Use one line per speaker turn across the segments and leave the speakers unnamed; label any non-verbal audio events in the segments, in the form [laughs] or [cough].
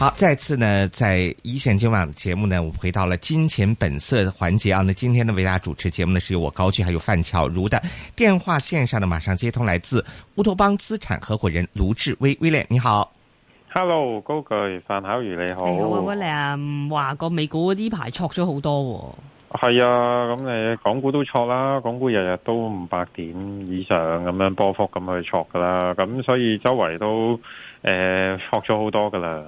好，再次呢，在一線今晚節目呢，我哋回到了金錢本色環節啊。那今天的為大家主持節目呢，是由我高巨，還有范巧如的電話線上呢，馬上接通，來自烏托邦資產合伙人盧
志威，威廉你好，Hello，高巨范巧如你好，Hello，你，好你好啊，你啊，
話個美股嗰啲排挫咗好多。哦，
係啊，咁你港股都挫啦，港股日日都五百點以上咁樣波幅咁去挫噶啦，咁所以周圍都。誒，學咗好多噶啦。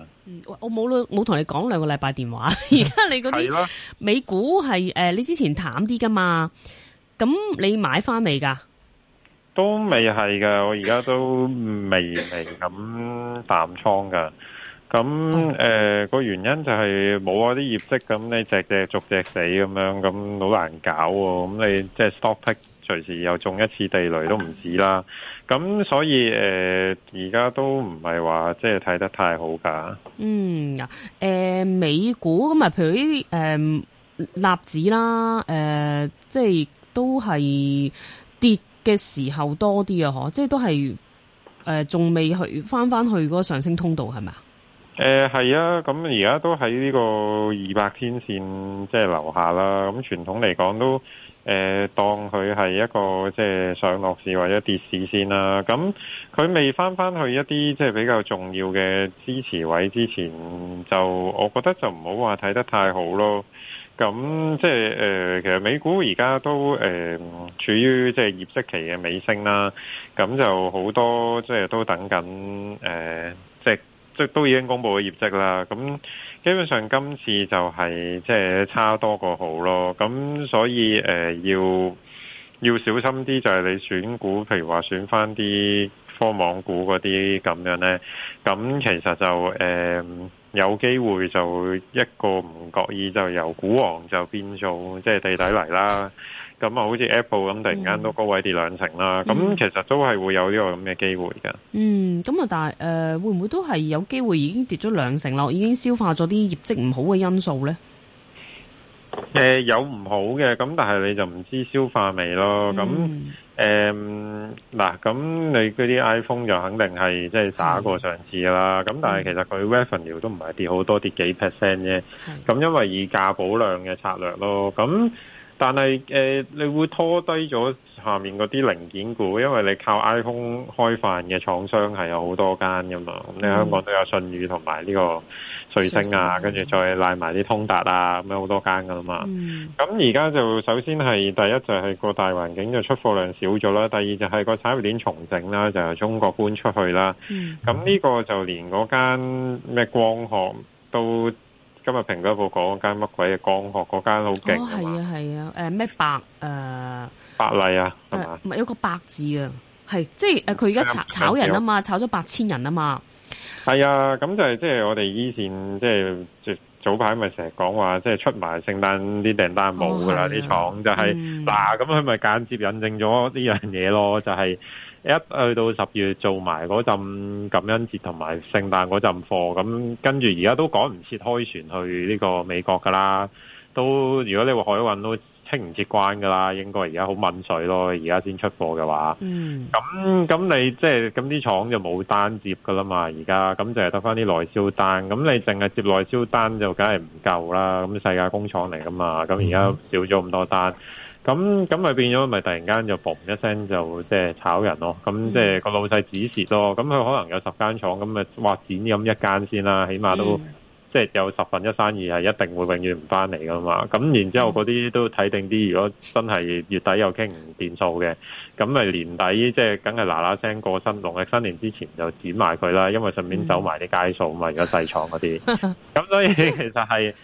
我冇冇同你講兩個禮拜電話，而家你嗰啲美股係誒，你之前淡啲噶嘛？咁你買翻未噶？
都未係噶，我而家都微微咁淡倉噶。咁誒，個原因就係冇啊啲業績，咁你只隻逐隻死咁樣，咁好難搞。咁你即係 stock pick。隨時又中一次地雷都唔止啦，咁所以誒而家都唔係話即係睇得太好㗎。嗯啊、
呃，美股咁啊，譬如啲誒納指啦，誒、呃、即係都係跌嘅時候多啲啊，嗬，即係都係誒仲未去翻翻去嗰上升通道係咪啊？
誒係啊，咁而家都喺呢個二百天線即係樓下啦。咁傳統嚟講都。誒，當佢係一個即係上落市或者跌市先啦。咁佢未返返去一啲即係比較重要嘅支持位之前，就我覺得就唔好話睇得太好咯。咁即係誒，其實美股而家都誒、呃、處於即係業績期嘅尾聲啦。咁就好多即係都等緊誒。呃即都已經公布咗業績啦，咁基本上今次就係、是、即係差多個好咯，咁所以誒、呃、要要小心啲，就係你選股，譬如話選返啲科網股嗰啲咁樣呢。咁其實就誒、呃、有機會就一個唔覺意就由股王就變做即係地底泥啦。咁啊，好似 Apple 咁突然間都高位跌兩成啦，咁其實都係會有呢個咁嘅機會嘅。嗯，
咁啊，但係誒，會唔會都係有機會已經跌咗兩成咯？已經消化咗啲業績唔好嘅因素咧。
誒，有唔好嘅，咁但係你就唔知消化未咯？咁誒嗱，咁你嗰啲 iPhone 就肯定係即係打過上次㗎啦。咁但係其實佢 Revenue 都唔係跌好多，跌幾 percent 啫。咁因為以價保量嘅策略咯，咁。但係誒、呃，你會拖低咗下面嗰啲零件股，因為你靠 iPhone 開飯嘅廠商係有好多間噶嘛，你、嗯、香港都有信宇同埋呢個瑞星啊，跟住、啊啊、再賴埋啲通達啊，咁樣好多間噶啦嘛。咁而家就首先係第一就係個大環境就出貨量少咗啦，第二就係個產業鏈重整啦，就係中國搬出去啦。咁呢、嗯、個就連嗰間咩光學都。今日評嗰個講間乜鬼嘅？江河嗰間好勁，哦係
啊係啊，誒咩百誒
百麗啊，係、呃、嘛，唔係、呃啊
啊、有個百字啊，係即係誒佢而家炒炒人啊嘛，炒咗八千
人啊嘛，係啊，咁就係、是、即係我哋以前即係早排咪成日講話即係出埋聖誕啲訂單冇噶啦，啲廠、哦啊、就係嗱咁佢咪間接引證咗呢樣嘢咯，就係、是。一去到十月做埋嗰陣感恩節同埋聖誕嗰陣貨，咁跟住而家都趕唔切開船去呢個美國噶啦，都如果你話海運都清唔切關噶啦，應該而家好滬水咯，而家先出貨嘅話，咁咁、嗯、你即係咁啲廠就冇單接噶啦嘛，而家咁淨係得翻啲內銷單，咁你淨係接內銷單就梗係唔夠啦，咁世界工廠嚟噶嘛，咁而家少咗咁多單。嗯咁咁咪變咗，咪突然間就嘣一聲就即係炒人咯。咁即係個老細指示咯。咁佢可能有十間廠，咁咪哇剪咁一間先啦。起碼都即係、嗯、有十分一生意係一定會永遠唔翻嚟噶嘛。咁然之後嗰啲都睇定啲。如果真係月底又傾唔掂數嘅，咁咪年底即係梗係嗱嗱聲過新，農曆新年之前就剪埋佢啦。因為順便走埋啲街數嘛。如果細廠嗰啲，咁所以其實係。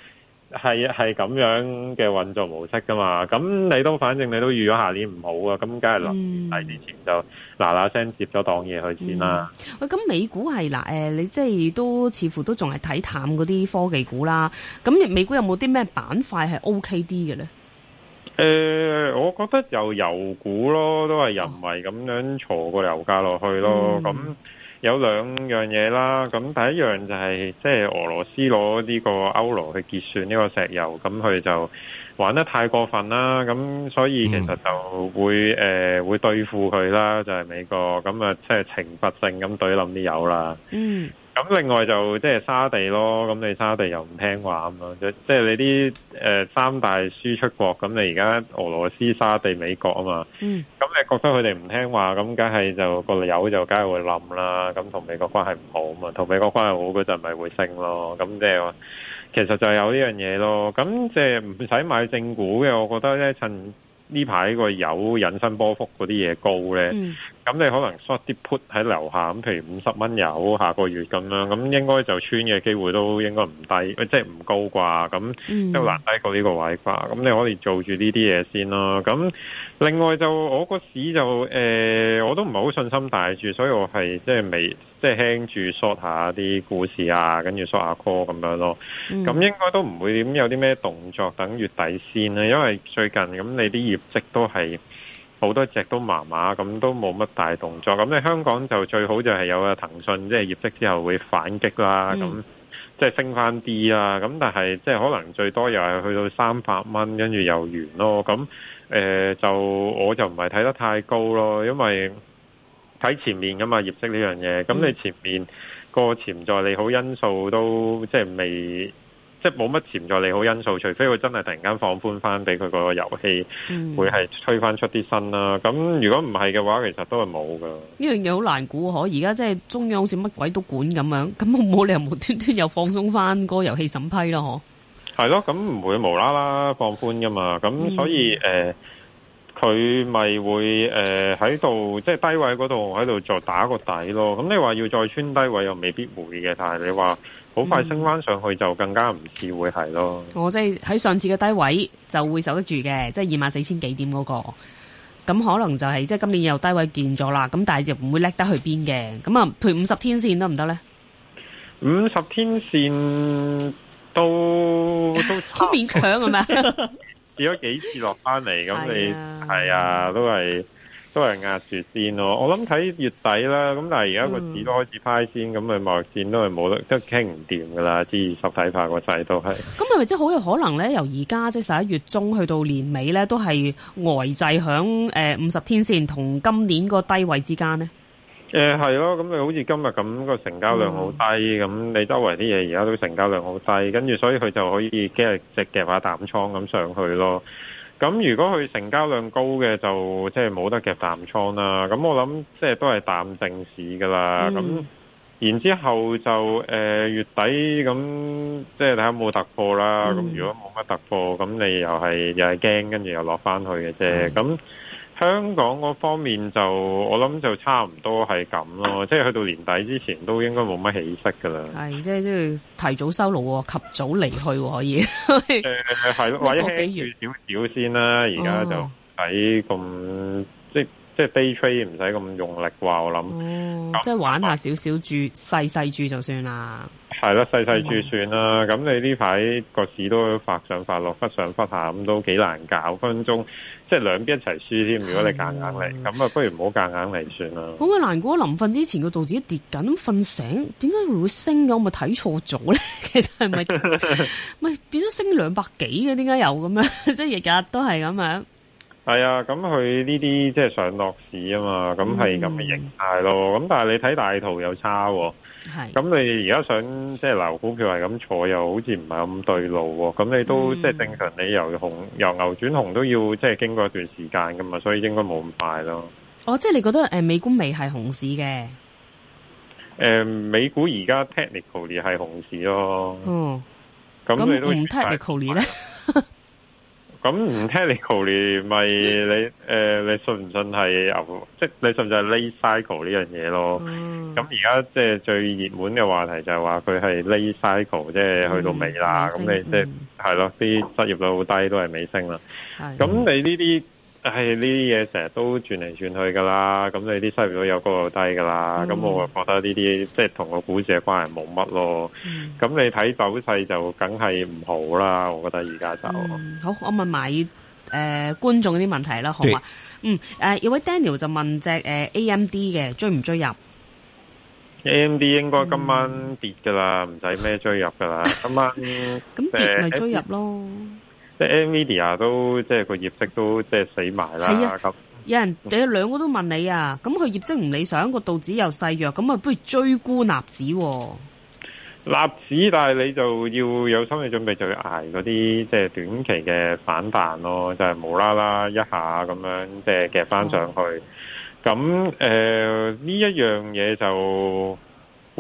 係係咁樣嘅運作模式噶嘛？咁你都反正你都預咗下年唔好啊，咁梗係臨年底之前就嗱嗱聲接咗檔嘢，去先啦。
喂，咁美股係嗱，誒，你即係都似乎都仲係睇淡嗰啲科技股啦。咁美股有冇啲咩板塊係 OK 啲嘅咧？
誒，我覺得就油股咯，都係人為咁樣坐個油價落去咯，咁。有兩樣嘢啦，咁第一樣就係即係俄羅斯攞呢個歐羅去結算呢個石油，咁佢就玩得太過分啦，咁所以其實就會誒、嗯呃、會對付佢啦，就係、是、美國，咁啊即係懲罰性咁懟冧啲油啦。嗯咁另外就即係沙地咯，咁你沙地又唔聽話咁咯，即係你啲誒三大輸出國，咁你而家俄羅斯、沙地、美國啊嘛，咁、嗯、你覺得佢哋唔聽話，咁梗係就個油就梗係會冧啦，咁同美國關係唔好啊嘛，同美國關係好嗰陣咪會升咯，咁即係話其實就有呢樣嘢咯，咁即係唔使買正股嘅，我覺得咧趁呢排個油引申波幅嗰啲嘢高咧。嗯咁你可能 short 啲 put 喺樓下，咁譬如五十蚊有，下個月咁樣，咁應該就穿嘅機會都應該唔低，即係唔高啩，咁都難低過呢個位啩。咁你可以做住呢啲嘢先咯。咁另外就我個市就誒、呃，我都唔係好信心大住，所以我係即係未即係輕住 short 下啲股市啊，跟住 short 下 call 咁樣咯。咁應該都唔會點有啲咩動作等月底先啦，因為最近咁你啲業績都係。好多隻都麻麻，咁都冇乜大動作。咁你香港就最好就係有啊騰訊，即係業績之後會反擊啦，咁即係升翻啲啊！咁但係即係可能最多又係去到三百蚊，跟住又完咯。咁誒就我就唔係睇得太高咯，因為睇前面噶嘛業績呢樣嘢。咁你前面個潛在利好因素都即係未。即係冇乜潛在利好因素，除非佢真係突然間放寬翻，俾佢個遊戲，嗯、會係推翻出啲新啦，啊。咁如果唔係嘅話，其實都係冇噶。
呢樣嘢好難估，可而家即係中央好似乜鬼都管咁樣，咁我冇理由無端端又放鬆翻個遊戲審批，嗯、咯，嗬，
係咯，咁唔會無啦啦放寬噶嘛。咁、嗯、所以誒，佢、呃、咪會誒喺度即係低位嗰度喺度再打個底咯。咁你話要再穿低位又未必會嘅，但係你話。好、嗯、快升翻上去就更加唔似會係咯。
我即係喺上次嘅低位就會守得住嘅，即係二萬四千幾點嗰、那個。咁可能就係、是、即係今年又低位見咗啦。咁但係就唔會跌得去邊嘅。咁啊，賠五十天線
得唔得咧？五十天線都都好 [laughs] 勉強啊咪？跌咗 [laughs] 幾次落翻嚟，咁 [laughs] 你係啊，都係。都係壓住先咯，我諗睇月底啦，咁但係而家個市都開始派先，咁咪貿易戰都係冇得都傾唔掂㗎喇，至二十睇怕個掣都係。
咁係咪即係好有可能咧？由而家即係十一月中去到年尾咧，都係呆滯響誒五十天線同今年個低位之間咧？
誒係咯，咁你好似今日咁個成交量好低，咁你周圍啲嘢而家都成交量好低，跟住所以佢就可以繼續直夾下淡倉咁上去咯。咁如果佢成交量高嘅，就即係冇得夾淡倉啦。咁我諗即係都係淡靜市噶啦。咁、嗯、然之後就誒、呃、月底咁，即係睇下有冇突破啦。咁、嗯、如果冇乜突破，咁你又係又係驚，跟住又落翻去嘅啫。咁、嗯。香港嗰方面就我諗就差唔多係咁咯，即係去到年底之前都應該冇乜起色噶啦。係
即係都要提早收爐、哦，及早離去、哦、可以。誒
係咯，或者 [laughs] 一幾月少少先啦，而家就喺咁。嗯即係 day trade，唔使咁用力啩，我諗，嗯、這樣 即係玩下少少注，
細細注就算啦。
係啦、嗯，細細注算啦。咁、嗯、你呢排個市都忽上忽落、忽上忽下，咁都幾難搞。分分鐘即係兩邊一齊輸添。如果你夾硬嚟，咁啊、嗯、不如唔好夾硬嚟算啦。好鬼、嗯、
難過，臨瞓之前個道指跌緊，瞓醒點解會會升嘅？我咪睇錯咗咧。 [laughs] 其實係咪咪變咗升兩百幾嘅？點解有咁樣？即係日日都係咁樣。
係啊，咁佢呢啲即係上落市啊嘛，咁係咁嘅形態咯。咁、嗯、但係你睇大圖又差、哦，咁你而家想即係嗱，股票係咁坐，又好似唔係咁對路、哦。咁你都即係正常，你由熊由牛轉熊都要即係經過一段時間噶嘛，所以應該冇咁快咯。
哦，即係你覺得誒、嗯，美股未係熊市嘅？
誒，美股而家 technically 係熊市咯。哦、咁、嗯、你都唔 technically 咧？ [laughs] 咁唔聽你講，你咪你誒，你信唔信係牛？即係你信唔信係 late cycle 呢樣嘢咯？咁而家即係最熱門嘅話題就係話佢係 late cycle，即係去到尾啦。咁、嗯嗯、你即係係咯，啲失業率好低都係尾聲啦。咁是你呢啲？係呢啲嘢，成日都轉嚟轉去噶啦，咁你啲收入都又高又低噶啦，咁我覺得呢啲即係同個股市嘅關係冇乜咯。咁你睇走勢就梗係唔好啦，我覺得而家就。
好，我問埋誒觀眾啲問題啦，好嘛？嗯，誒，有位 Daniel 就問隻誒 AMD 嘅，追唔追入
？AMD 應該今晚跌噶啦，唔使咩追入噶啦。今晚咁跌咪追入咯。即係 Nvidia 都即係個業績都即係死埋啦咁，啊、樣有
人仲有兩個都問你啊，咁佢業績唔理想，個道指又細弱，咁啊不如追沽納指。
納指，但係你就要有心理準備，就要挨嗰啲即係短期嘅反彈咯，就係、是、無啦啦一下咁樣，即係夾翻上去。咁誒呢一樣嘢就。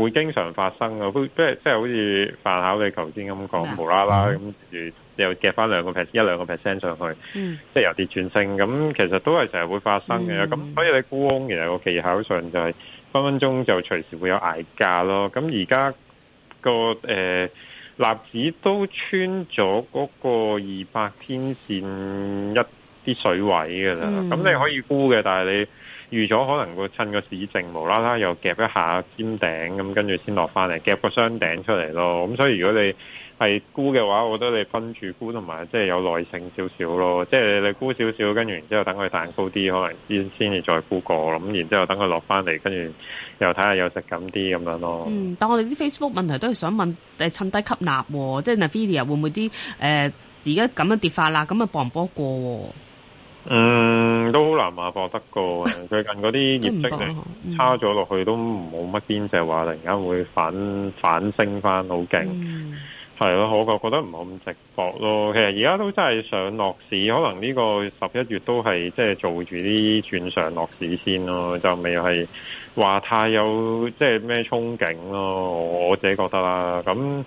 會經常發生嘅，即即係好似反考你頭先咁講，嗯、無啦啦咁住你又夾翻兩個 percent，一兩個 percent 上去，嗯、即係由跌轉升，咁其實都係成日會發生嘅。咁、嗯、所以你沽空，其實個技巧上就係、是、分分鐘就隨時會有捱價咯。咁而家個誒納指都穿咗嗰個二百天線一啲水位嘅啦，咁、嗯、你可以沽嘅，但係你。預咗可能會趁個市靜，無啦啦又夾一下尖頂咁，跟住先落翻嚟，夾個箱頂出嚟咯。咁所以如果你係沽嘅話，我覺得你分住沽同埋即係有耐性少少咯。即係你沽少少，跟住然之後等佢彈高啲，可能先先至再沽過。咁然之後等佢落翻嚟，跟住又睇下有食感啲咁樣咯。嗯，
但我哋啲 Facebook 問題都係想問，誒趁低吸納，即係 Nvidia a 會唔會啲誒而家咁樣跌法啦？咁啊博唔博過？嗯，都
好難話博得過，最近嗰啲業績差咗落去，都冇乜邊就話突然間會反反升翻好勁，係咯、嗯，我覺得覺得唔好咁直博咯。其實而家都真係上落市，可能呢個十一月都係即係做住啲轉上落市先咯，就未係話太有即係咩憧憬咯。我我自己覺得啦，咁。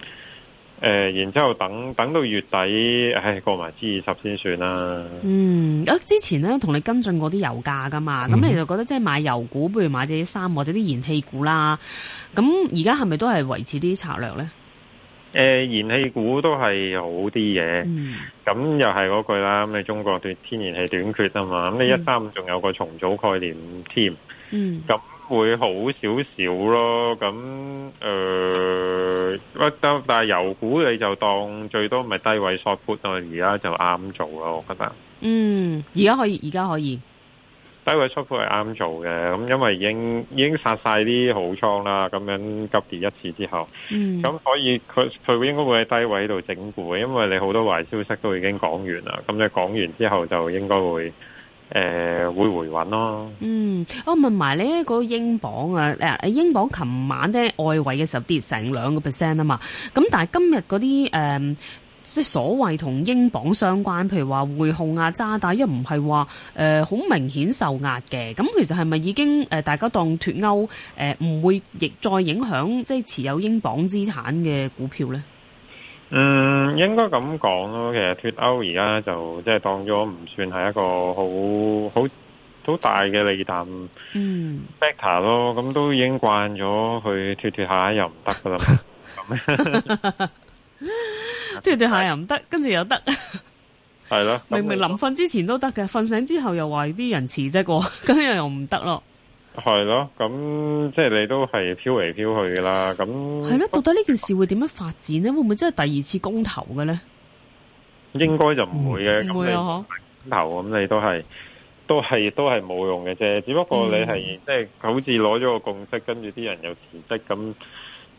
誒、呃，然之後等等到月底，唉，過埋 G 二十先算啦。
嗯，之前咧同你跟進過啲油價㗎嘛，咁、嗯、你就覺得即係買油股，不如買啲衫或者啲燃氣股啦。咁而家係咪都係維持啲策略呢？誒、
呃，燃氣股都係好啲嘅。咁、嗯、又係嗰句啦。咁你中國斷天然氣短缺啊嘛。咁你一三仲有個重組概念添。嗯。咁、嗯。會好少少咯，咁誒，不得，但係油股你就當最多咪低位 short put 咯，而家就啱做咯，我覺得。嗯，
而家可以，而家可以。
低位 short put 係啱做嘅，咁，因為已經已經殺晒啲好倉啦，咁樣急跌一次之後，咁所、嗯、以佢佢應該會喺低位度整固，因為你好多壞消息都已經講完啦，咁你講完之後就應該會。誒，會回穩
咯。嗯，我問埋呢個英鎊啊，誒、啊，英鎊琴晚咧，外圍嘅時候跌成兩個 percent 啊嘛。咁但係今日嗰啲誒，即係所謂同英鎊相關，譬如話匯控啊、渣打，又唔係話誒，好明顯受壓嘅。咁其實係咪已經誒、呃，大家當脫歐誒，唔、呃、會亦再影響即係持有英鎊資產嘅股票咧？
嗯，應該咁講咯。其實脫歐而家就即係當咗唔算係一個好好好大嘅利淡。嗯，backer 咯，咁都已經慣咗去脱脱下又唔得噶啦。
脱脱 [laughs] [laughs] [laughs] 下又唔得，跟住又得。
係咯的。 [laughs] 明明
臨瞓之前都得嘅，瞓醒之後又話啲人辭職喎，咁 [laughs] 又又唔得咯。
係咯，咁即係你都係飄嚟飄去噶啦。咁係咯，
到底呢件事會點樣發展呢？會唔會真係第二次公投嘅呢？
應該就唔會嘅，唔、嗯、你會啊！吓，公投咁你都係都係都係冇用嘅啫。只不過你係、嗯、即係好似攞咗個共識，跟住啲人又辭職咁。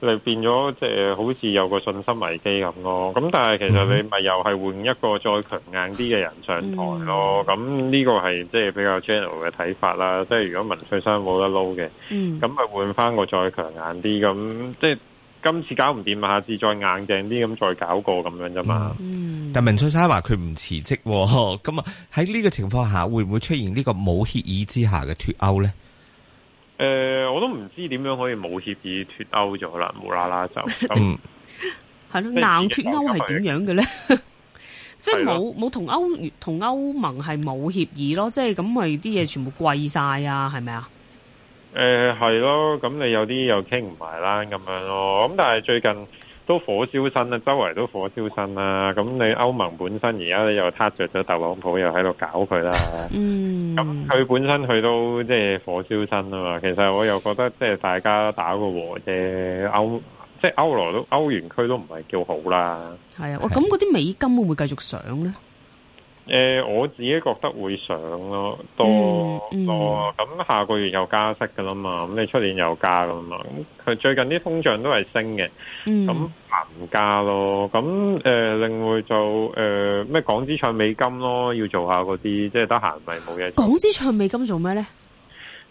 你變咗即係好似有個信心危機咁咯，咁但係其實你咪又係換一個再強硬啲嘅人上台咯，咁呢、嗯、個係即係比較 general 嘅睇法啦。即係如果文翠珊冇得撈嘅，咁咪、嗯、換翻個再強硬啲，咁即係今次搞唔掂下次再硬淨啲，咁再搞過咁樣啫嘛。嗯、
但文翠珊話佢唔辭職，咁啊喺呢個情況下會唔會出現呢個冇協
議之下嘅脱歐咧？誒、呃，我都唔知點樣可以冇協議脱歐咗啦，無啦啦就，
係咯，硬脱歐係點樣嘅咧？即係冇冇同歐同歐盟係冇協議咯，即係咁，咪啲嘢全部貴晒啊，係咪啊？
誒、呃，係咯，咁你有啲又傾唔埋啦，咁樣咯，咁但係最近。都火燒身啦，周圍都火燒身啦。咁你歐盟本身而家又 touch 咗特朗普又，又喺度搞佢啦。嗯，
咁佢
本身佢都即係火燒身啊嘛。其實我又覺得即係大家打個和啫。歐，即係歐羅都歐元區都唔係叫好啦。
係啊，我咁嗰啲美金會唔會繼續上咧？
誒、呃，我自己覺得會上咯，多多咁、嗯嗯哦、下個月又加息噶啦嘛，咁你出年又加噶嘛，咁佢最近啲通脹都係升嘅，咁行、嗯、加咯，咁、嗯、誒，另外就誒咩、呃、港資唱美金咯，要做下嗰啲，即係得閒咪冇嘢做。
港資唱美金做咩咧？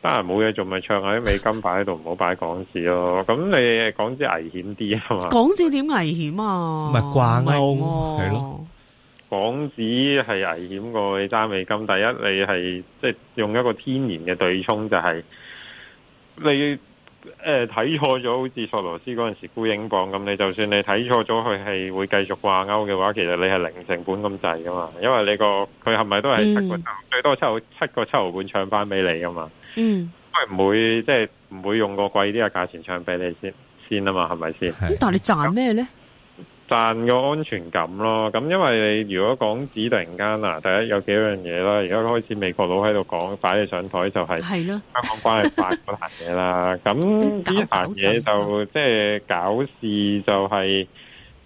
得閒冇嘢做咪唱下啲美金擺喺度，唔好擺港紙咯。咁你港紙危險啲啊嘛？港
紙點危險啊？咪掛
鈎係咯。港紙係危險過你揸美金，第一你係即係用一個天然嘅對沖，就係、是、你誒睇錯咗，好似索羅斯嗰陣時沽英鎊咁，你就算你睇錯咗，佢係會繼續掛鈎嘅話，其實你係零成本咁滯噶嘛，因為你個佢係咪都係七個，嗯、最多七七個七毫半唱翻俾你噶嘛，嗯，佢唔會即係唔會用個貴啲嘅價錢唱俾你先先啊嘛，係咪先？咁的
但係你賺咩咧？
賺個安全感咯，咁因為你如果港紙突然間嗱，第一有幾樣嘢啦，而家開始美國佬喺度講擺你上枱就係係咯香港關係法嗰壇嘢啦，咁呢壇嘢就 [laughs] 即係搞事就係、是、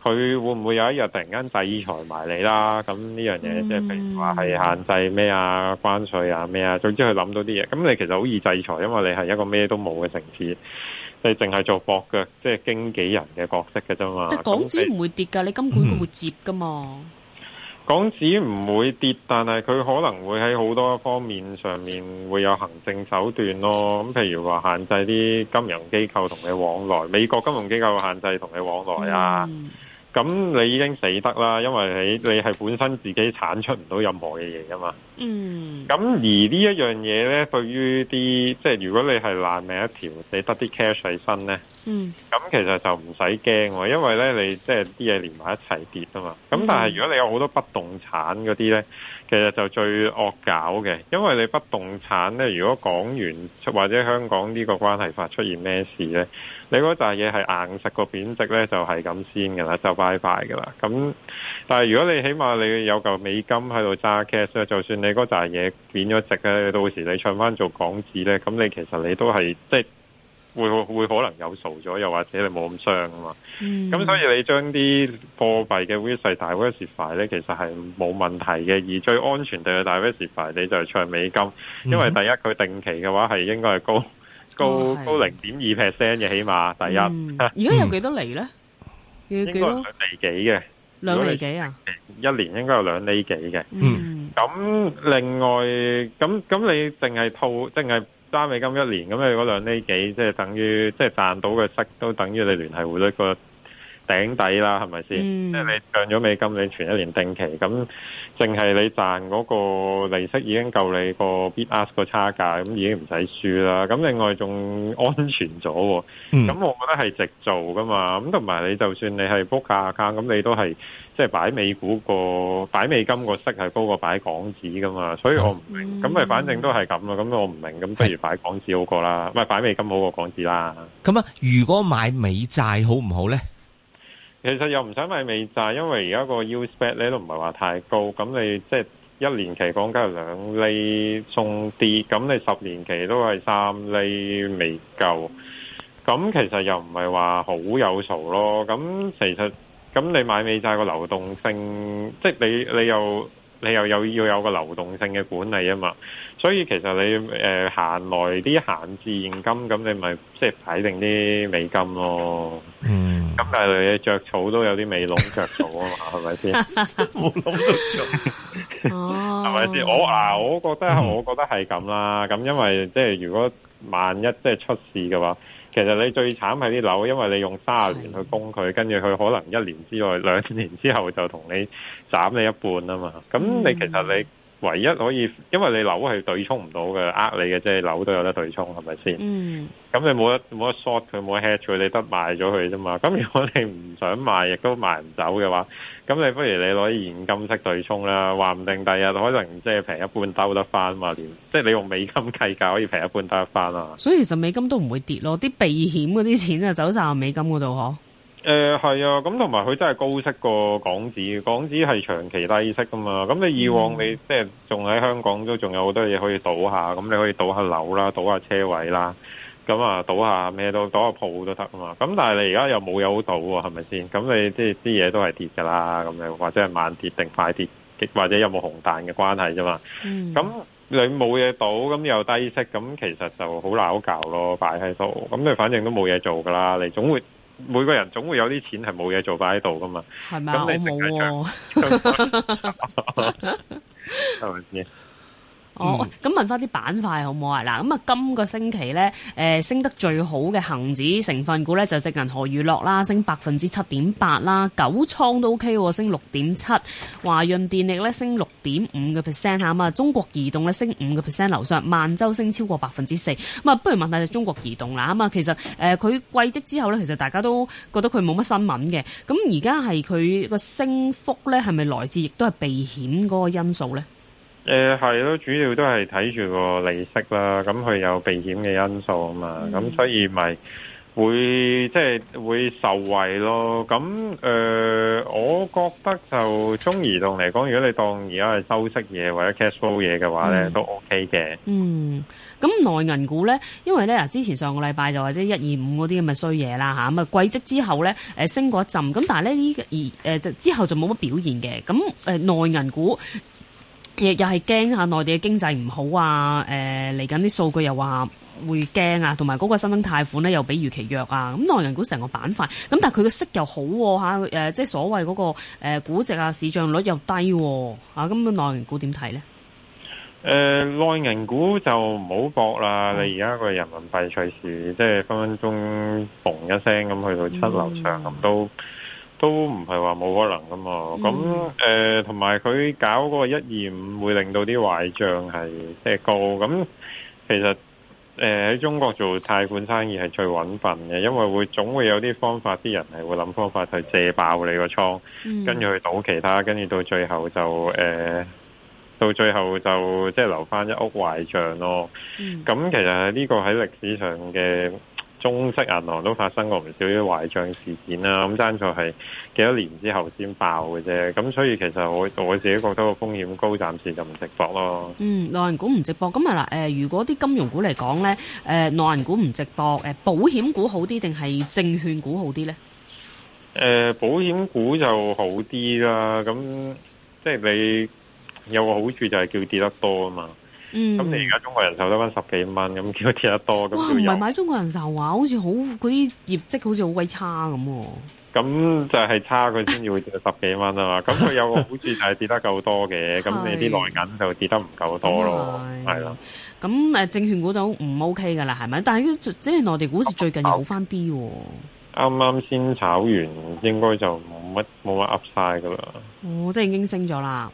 佢會唔會有一日突然間制裁埋你啦？咁呢樣嘢即係譬如話係限制咩啊關稅啊咩啊，總之佢諗到啲嘢，咁你其實好易制裁，因為你係一個咩都冇嘅城市。你淨係做駁腳，即係經紀人嘅角色嘅啫嘛。港紙唔會
跌㗎，你金管局會接㗎嘛？嗯、
港紙唔會跌，但係佢可能會喺好多方面上面會有行政手段咯。咁譬如話限制啲金融機構同你往來，美國金融機構限制同你往來啊。嗯咁你已經死得啦，因為你你係本身自己產出唔到任何嘅嘢噶嘛。嗯。咁而呢一樣嘢咧，對於啲即係如果你係爛命一條，你得啲 cash 喺身咧。嗯。咁其實就唔使驚，因為咧你即係啲嘢連埋一齊跌啊嘛。咁但係如果你有好多不動產嗰啲咧，其實就最惡搞嘅，因為你不動產呢。如果港元或者香港呢個關係法出現咩事呢？你嗰咋嘢係硬食個貶值呢，就係、是、咁先㗎喇，就拜拜㗎喇。咁但係如果你起碼你有嚿美金喺度揸 cash，就算你嗰咋嘢貶咗值咧，到時你唱翻做港紙呢，咁你其實你都係即係。就是會會可能有數咗，又或者你冇咁傷啊嘛。咁所以你將啲貨幣嘅 diversify 大 diversify 咧，其實係冇問題嘅。而最安全對嘅大 diversify，你就係唱美金，因為第一佢定期嘅話係應該係高高高零點二 percent 嘅起碼。第一，而家有
幾多厘咧？應該係兩
厘幾嘅？兩
厘
幾啊？一年應該有兩厘幾嘅。嗯。咁另外，咁咁你淨係套，淨係。三美金一年咁，你嗰兩厘幾即係等於即係賺到嘅息，都等於你聯繫匯率個。頂底啦，係咪先？即係、嗯、你賺咗美金，你存一年定期，咁淨係你賺嗰個利息已經夠你個 bid ask 個差價，咁已經唔使輸啦。咁另外仲安全咗，
咁
我覺得係直做噶嘛。咁同埋你就算你係 book 下卡，咁你都係即係擺美股個擺美金個息係高過擺港紙噶嘛。所以我唔明，咁咪反正都係咁咯。咁我唔明，咁不如擺港紙好過啦，唔係擺美金好過港紙啦。
咁啊、嗯嗯嗯，如果買美債好唔好咧？
其實又唔使買美債，因為而家個 yield spread 呢都唔係話太高。咁你即係一年期講緊係兩厘送啲，咁你十年期都係三厘未夠。咁其實又唔係話好有數咯。咁其實咁你買美債個流動性，即係你你又。你又又要有個流動性嘅管理啊嘛，所以其實你誒行內啲閒置現金，咁你咪即係擺定啲美金咯。嗯，咁但係你著草都有啲美籠着草啊嘛，係咪先？
冇 [laughs] [laughs] 嗎哦，係咪先？我啊，我
覺得、嗯、我覺得係咁啦。咁因為即係如果萬一即係出事嘅話。其實你最慘係啲樓，因為你用三十年去供佢，跟住佢可能一年之外兩年之後就同你斬你一半啊嘛。咁你其實你，唯一可以，因為你樓係對沖唔到嘅，呃，你嘅即係樓都有得對沖，係咪先？嗯。咁你冇得冇得 short 佢冇得 hedge 佢，你得賣咗佢啫嘛。咁如果你唔想賣，亦都賣唔走嘅話，咁你不如你攞現金式對沖啦。話唔定第日，日可能即係平一半兜得返嘛。即係你用美金計價，可以平一半兜得返啊。
所以其實美金都唔會跌咯，啲避險嗰啲錢就走曬美金嗰度呵。
誒，係啊，咁同埋佢真係高息過港紙，港紙係長期低息噶嘛。咁你以往你即係仲喺香港都仲有好多嘢可以賭下，咁你可以賭下樓啦，賭下車位啦，咁啊賭下咩都賭下鋪都得啊嘛。咁但係你而家又冇嘢好賭喎，係咪先？咁你即係啲嘢都係跌噶啦，咁樣或者係慢跌定快跌，或者有冇紅彈嘅關係啫嘛。咁你冇嘢賭，咁又低息，咁其實就好撈搞咯，擺喺度。咁你反正都冇嘢做噶啦，你總會。每個人總會有啲錢係冇嘢做擺喺度噶嘛，咁係咪，你冇喎，係咪先？
嗯、哦，咁問翻啲板塊好唔好啊？嗱，咁啊，今個星期咧，誒、呃、升得最好嘅恒指成分股咧，就隻銀河娛樂啦，升百分之七點八啦，九倉都 OK 喎，升六點七，華潤電力咧升六點五個 percent 嚇，啊，中國移動咧升五個 percent 樓上，萬洲升超過百分之四，咁啊，不如問，問下就中國移動啦，咁啊，其實誒佢、呃、季績之後咧，其實大家都覺得佢冇乜新聞嘅，咁而家係佢個升幅咧，係咪來自亦都係避險嗰個因素咧？
誒，係咯、呃，主要都係睇住個利息啦，咁佢有避險嘅因素啊嘛，咁、嗯、所以咪會即係會受惠咯。咁誒、呃，我覺得就中移動嚟講，如果你當而家係收息嘢或者 cash flow 嘢嘅話咧，都 OK 嘅。嗯，
咁內銀股咧，因為咧嗱，之前上個禮拜就或者一二五嗰啲咁嘅衰嘢啦吓，咁啊，季績之後咧誒、呃、升過一陣，咁但係咧呢而誒就之後就冇乜表現嘅，咁誒內銀股。呃呃又係驚下內地嘅經濟唔好啊！誒、呃，嚟緊啲數據又話會驚啊，同埋嗰個新增貸款咧又比預期弱啊！咁內銀股成個板塊，咁但係佢嘅息又好吓，誒、啊呃，即係所謂嗰、那個誒、呃、估值啊市賬率又低吓，咁、啊、嘅內銀股點睇呢？誒、
呃，內銀股就唔好博啦！嗯、你而家個人民幣隨時即係分分鐘嘣一聲咁去到七樓上咁、嗯、都。都唔係話冇可能噶嘛，咁誒、嗯，同埋佢搞嗰個一二五會令到啲壞賬係即係高，咁其實誒喺、呃、中國做貸款生意係最穩陣嘅，因為會總會有啲方法，啲人係會諗方法去借爆你個倉，
跟住去賭
其他，跟住到最後就誒、呃，到最後就即係、呃就是、留翻一屋壞賬咯。咁、嗯嗯嗯、其實呢個喺歷史上嘅。中式銀行都發生過唔少啲壞帳事件啦，咁爭在係幾多年之後先爆嘅啫。咁所以其實我我自己覺得個風險高，暫時就唔值博咯。嗯，
內銀股唔值博，咁啊嗱，誒如果啲金融股嚟講咧，誒內銀股唔值博，誒保險股好啲定係證券股好啲咧？
誒保險股就好啲啦，咁即係你有個好處就係叫跌得多啊嘛。咁你而家中國人壽得翻十幾蚊，咁叫佢跌得多咁。哇，唔係
買中國人壽啊，好似好嗰啲業績好似好鬼差咁，啊。
咁就係差佢先至會跌到十幾蚊啊嘛，咁佢 [laughs] 有個好處就係跌得夠多嘅，咁 [laughs] 你啲內銀就跌得唔夠多咯，係咯對。咁誒
了，證券、呃、股都唔 OK 噶啦，係咪？但係即係內地股市最近又好翻啲喎。
啱啱先炒完，應該就冇乜冇乜 upside 噶啦。哦，
即係已經升咗啦。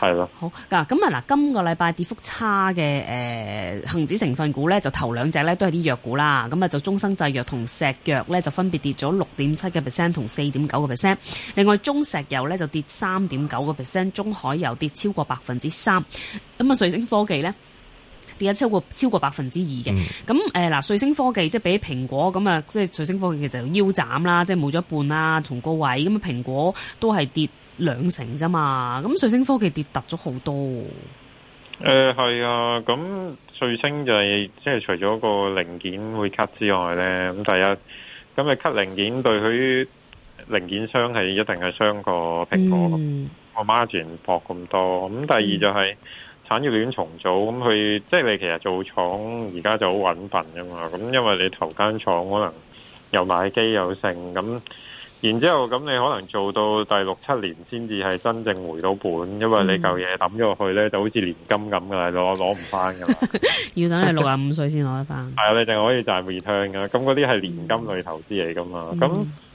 係啦，好嗱，咁啊嗱，今個禮拜跌幅差嘅誒、呃，恒指成分股咧就頭兩隻咧都係啲藥股啦，咁啊就中生製藥同石藥咧就分別跌咗六點七嘅 percent 同四點九個 percent，另外中石油咧就跌三點九個 percent，中海油跌超過百分之三，咁啊瑞星科技咧跌咗超過超過百分之二嘅，咁誒嗱，瑞、嗯呃、星科技即係比起蘋果，咁啊，即係瑞星科技其實腰斬啦，即係冇咗一半啦，從高位咁啊，蘋果都係跌。兩成啫嘛，咁瑞星科技跌突咗好多。
誒係啊，咁瑞星就係即係除咗個零件會 cut 之外咧，咁第一，咁你 cut 零件對佢零件商係一定係傷過蘋果咯，個 Margin 薄咁多。咁第二就係產業鏈重組，咁佢即係你其實做廠而家就好揾笨噶嘛，咁因為你投間廠可能又買機又剩咁。然之後咁，你可能做到第六七年先至係真正回到本，因為你嚿嘢抌咗去咧，就好似年金咁噶啦，攞攞唔翻噶啦。
[laughs] 要等你六啊五歲先攞得翻。
係啊， [laughs] 你淨係可以賺 return 噶，咁嗰啲係年金類投資嚟噶嘛，咁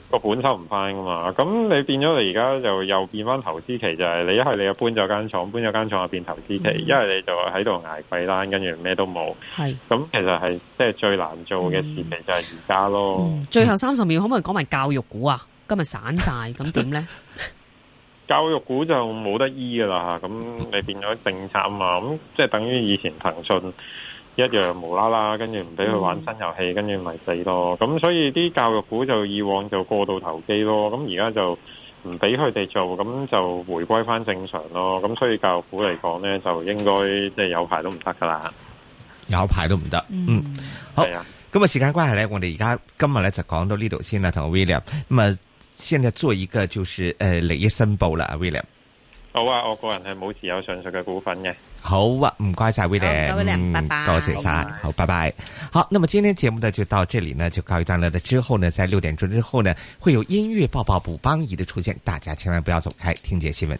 個、嗯、本收唔翻噶嘛，咁你變咗你而家就又變翻投資期就係、是，你，你一係你又搬咗間廠，搬咗間廠入變投資期，一係、嗯、你就喺度挨貴啦。跟住咩都冇。係是。咁其實係即係最難做嘅事情就係而家咯。最
後三十秒，可唔可以講埋教育股啊？今日散晒，咁點
咧？教育股就冇得醫噶啦，咁你變咗政策啊嘛，咁即係等於以前騰訊一樣無啦啦，跟住唔俾佢玩新遊戲，跟住咪死咯。咁所以啲教育股就以往就過度投機咯，咁而家就唔俾佢哋做，咁就回歸翻正常咯。咁所以教育股嚟講咧，就應該即係有排都唔得噶啦，
有排都唔得。
嗯，
好，咁啊時間關係咧，我哋而家今日咧就講到呢度先啦，同 William 咁啊。現在做一個就是誒，利益申報啦，William。
好啊，我個人係冇持有上述嘅股份嘅。
好啊，唔該晒，William，好、嗯、多謝晒，好，拜拜。好，那麼今天節目呢就到這裡呢，就告一段落啦。之後呢，在六點鐘之後呢，會有音樂抱抱補幫儀的出現，大家千萬不要走開，聽節新聞。